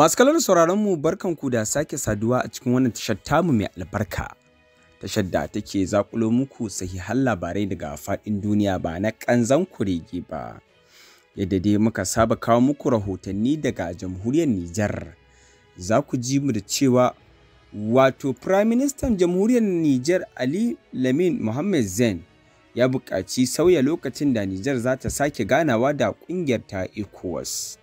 Masu kallon sauraron mu barkan ku da sake saduwa a cikin wannan tashar tamu mai albarka. Tashar da take zakulo muku sahihan labarai daga faɗin duniya ba na ƙanzan kurege ba. Yadda dai muka saba kawo muku rahotanni daga jamhuriyar Nijar. Za ku ji mu da cewa wato Firaministan Minister jamhuriyar Nijar Ali Lamin Mohammed Zain ya buƙaci sauya lokacin da Nijar za ta sake ganawa da ƙungiyar ta ECOWAS.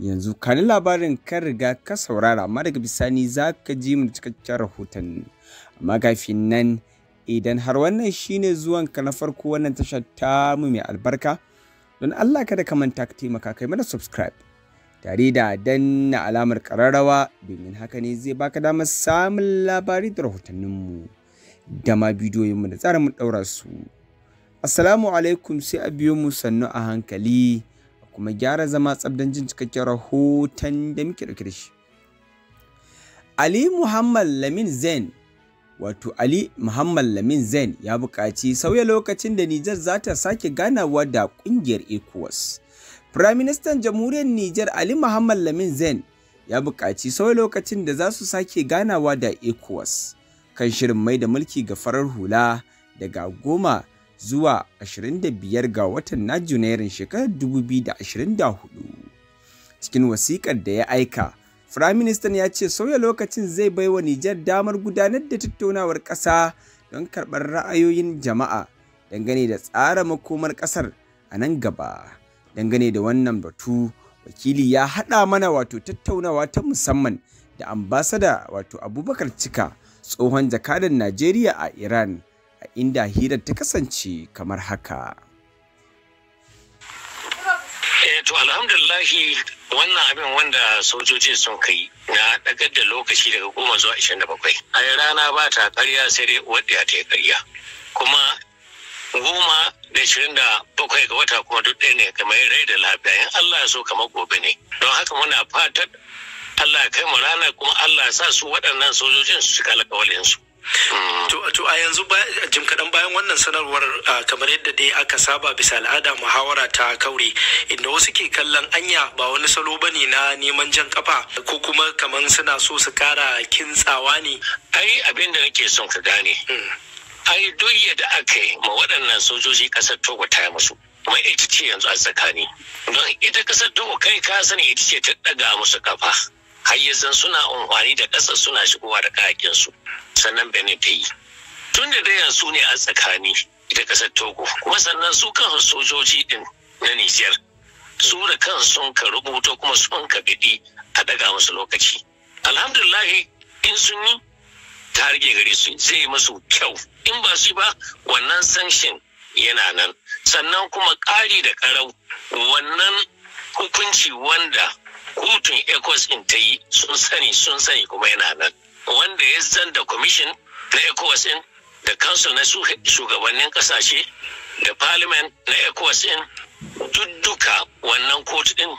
yanzu kanin labarin kan riga ka saurara amma daga bisani za ka ji mu cikakken rahoton amma kafin nan idan har wannan shine zuwan ka na farko wannan tasha ta mu mai albarka don Allah kada ka manta ka taimaka kai mana subscribe tare da danna alamar kararrawa domin haka ne zai baka damar samun labari da rahotanninmu da ma bidiyoyinmu da tsarin mu daura su assalamu alaikum sai a biyo mu sannu a hankali kuma gyara zama tsabdan jin cikakken rahoton da muke ɗauke da shi. Ali Muhammad Lamin Zain wato Ali Muhammad Lamin Zain ya buƙaci sauya lokacin da Nijar za ta sake ganawa da ƙungiyar ECOWAS. Firaministan Jamhuriyar Nijar Ali Muhammad Lamin Zain ya buƙaci sauya lokacin da za su sake ganawa da ECOWAS kan shirin mai da mulki ga farar hula daga goma zuwa 25 ga watan na Junairun shekarar 2024. Cikin wasiƙar da ya aika, Firaministan ya ce sauya lokacin zai baiwa Nijar damar gudanar da tattaunawar ƙasa don karɓar ra'ayoyin jama'a dangane da tsara makomar ƙasar a nan gaba. Dangane da wannan batu, wakili ya haɗa mana wato tattaunawa ta musamman da ambasada wato Abubakar Cika tsohon jakadan Najeriya a Iran. inda hirar ta kasance kamar haka. Eh, to alhamdulillahi wannan abin wanda sojoji sun kai na dagar da lokaci daga goma zuwa ishirin da bakwai a rana ba ta karya sai dai wadda ta yi karya kuma goma da ishirin da bakwai ga wata kuma duk ɗaya ne kamar rai da lafiya in allah ya so kamar gobe ne don haka muna fatan allah ya kai mu rana kuma allah ya sa su waɗannan sojojin su cika alƙawalinsu To a yanzu jim kaɗan bayan wannan sanarwar kamar yadda dai aka saba bisa al'ada muhawara ta kauri, inda wasu ke kallon anya ba wani salo ba na neman jan kafa ko kuma kamar suna so su kara kintsawa ne. Ai abin da nake son ka gane. Hmm. Ai duk yadda aka yi ma waɗannan sojoji ƙasar Togo ta musu. Kuma ita ce yanzu a tsakani. Don ita ƙasar Togo kai ka sani ita ce ta ɗaga musu kafa. har hayyazan suna amfani da ƙasa suna shigowa da kayakinsu sannan benin ta yi tun da dai su ne a tsakani da ƙasar togo kuma sannan su kan sojoji din na nijar su da kan sun ka rubuta kuma sun ka gadi a daga musu lokaci alhamdulillahi in sun yi ta rage gare su zai yi masu kyau in ba su ba wannan sanshin yana nan sannan kuma ƙari da ƙarau wannan hukunci wanda hutun ecos in ta yi sun sani sun sani kuma yana nan wanda ya zan da kwamishin na ecos in da kansul na shugabannin kasashe da parliament na ecos in dudduka wannan kotu din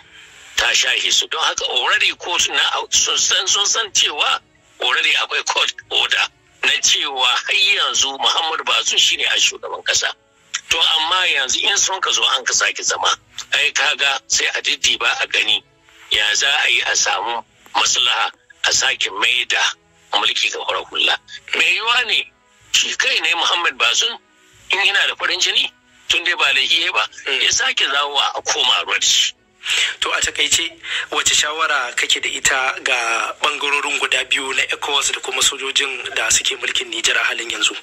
ta shahi su don haka already kotu na sun san sun san cewa already akwai court order na cewa har yanzu muhammad bazu shine a shugaban kasa to amma yanzu in sun ka zo an ka sake zama ai kaga sai a ba a gani ya za a yi a samu maslaha a sake mai da mulki ga farar hula me yiwa ne shi kai ne muhammad basun in yana da farin jini tun dai ba laifi ba mm. ya sake zawowa a koma ruwa To a takaice wace shawara kake da ita ga bangarorin guda biyu na ECOWAS da kuma sojojin da suke mulkin Nijar halin yanzu?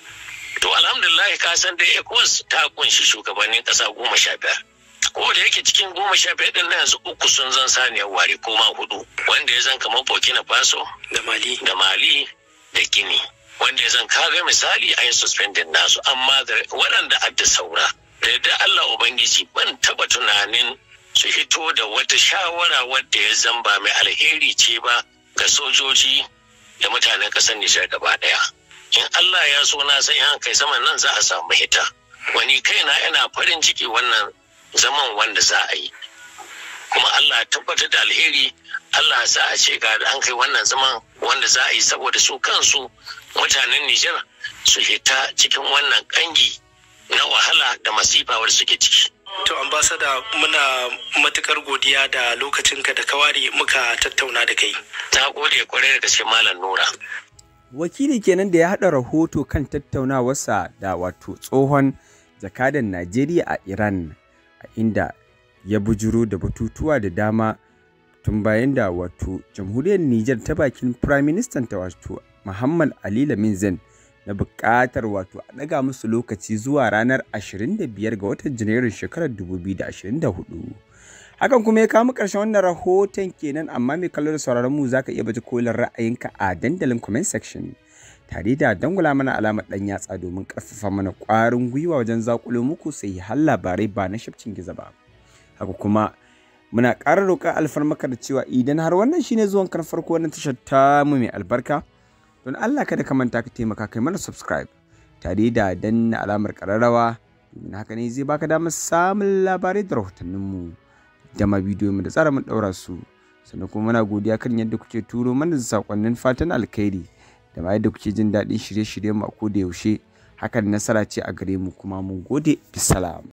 To alhamdulillah ka san da ECOWAS ta kunshi shugabannin ƙasa goma sha biyar. ko da yake cikin goma sha biyar din yanzu uku sun zan saniyar ware ko ma hudu wanda ya zan kamar burkina faso da mali da mali da gini wanda ya zan kaga misali an yi suspendin nasu amma waɗanda adda saura da yadda allah ubangiji ban taba tunanin su fito da wata shawara wadda ya zan ba mai alheri ce ba ga sojoji da mutanen ƙasar nijar gaba ɗaya in allah ya so na san yan kai saman nan za a samu hita wani kaina yana farin ciki wannan zaman wanda za a yi kuma Allah ya tabbatar da alheri Allah za a ce ga an kai wannan zaman wanda za a yi saboda su kansu mutanen Nijar su fita cikin wannan kangi na wahala da masifa wadda suke ciki. To ambasada muna matukar godiya da lokacinka da kawari muka tattauna da kai. Ta gode kwarai da gaske Malam Nura. Wakili kenan da ya haɗa rahoto kan tattaunawarsa da wato tsohon jakadan Najeriya a Iran a inda ya bujuro da batutuwa da dama tun bayan da wato jamhuriyar Nijar ta bakin Prime Minister ta wato Muhammad Ali Lamin Zain na buƙatar wato a ɗaga musu lokaci zuwa ranar 25 ga watan Janairun shekarar 2024. Hakan kuma ya kawo ƙarshen wannan rahoton kenan amma mai kallon sauraron mu zaka iya baje kolin ra'ayinka a dandalin comment section. tare da dangula mana alamar ɗan yatsa domin ƙarfafa mana ƙwarin gwiwa wajen zakulo muku sai har labarai ba na shafcin giza ba. Haka kuma muna ƙara roƙa alfarmaka da cewa idan har wannan shine zuwan kan farko wannan tashar tamu mai albarka don Allah kada ka manta ka taimaka kai mana subscribe tare da danna alamar ƙararrawa domin haka ne zai baka damar samun labarai da rahotanninmu da ma bidiyo da tsara mun ɗaura su sannan kuma muna godiya kan yadda kuke turo mana sakonnin fatan alkhairi. da ma yadda kuke jin daɗin shirye-shiryen mu a yaushe hakan nasara ce a gare mu kuma mun gode bisalam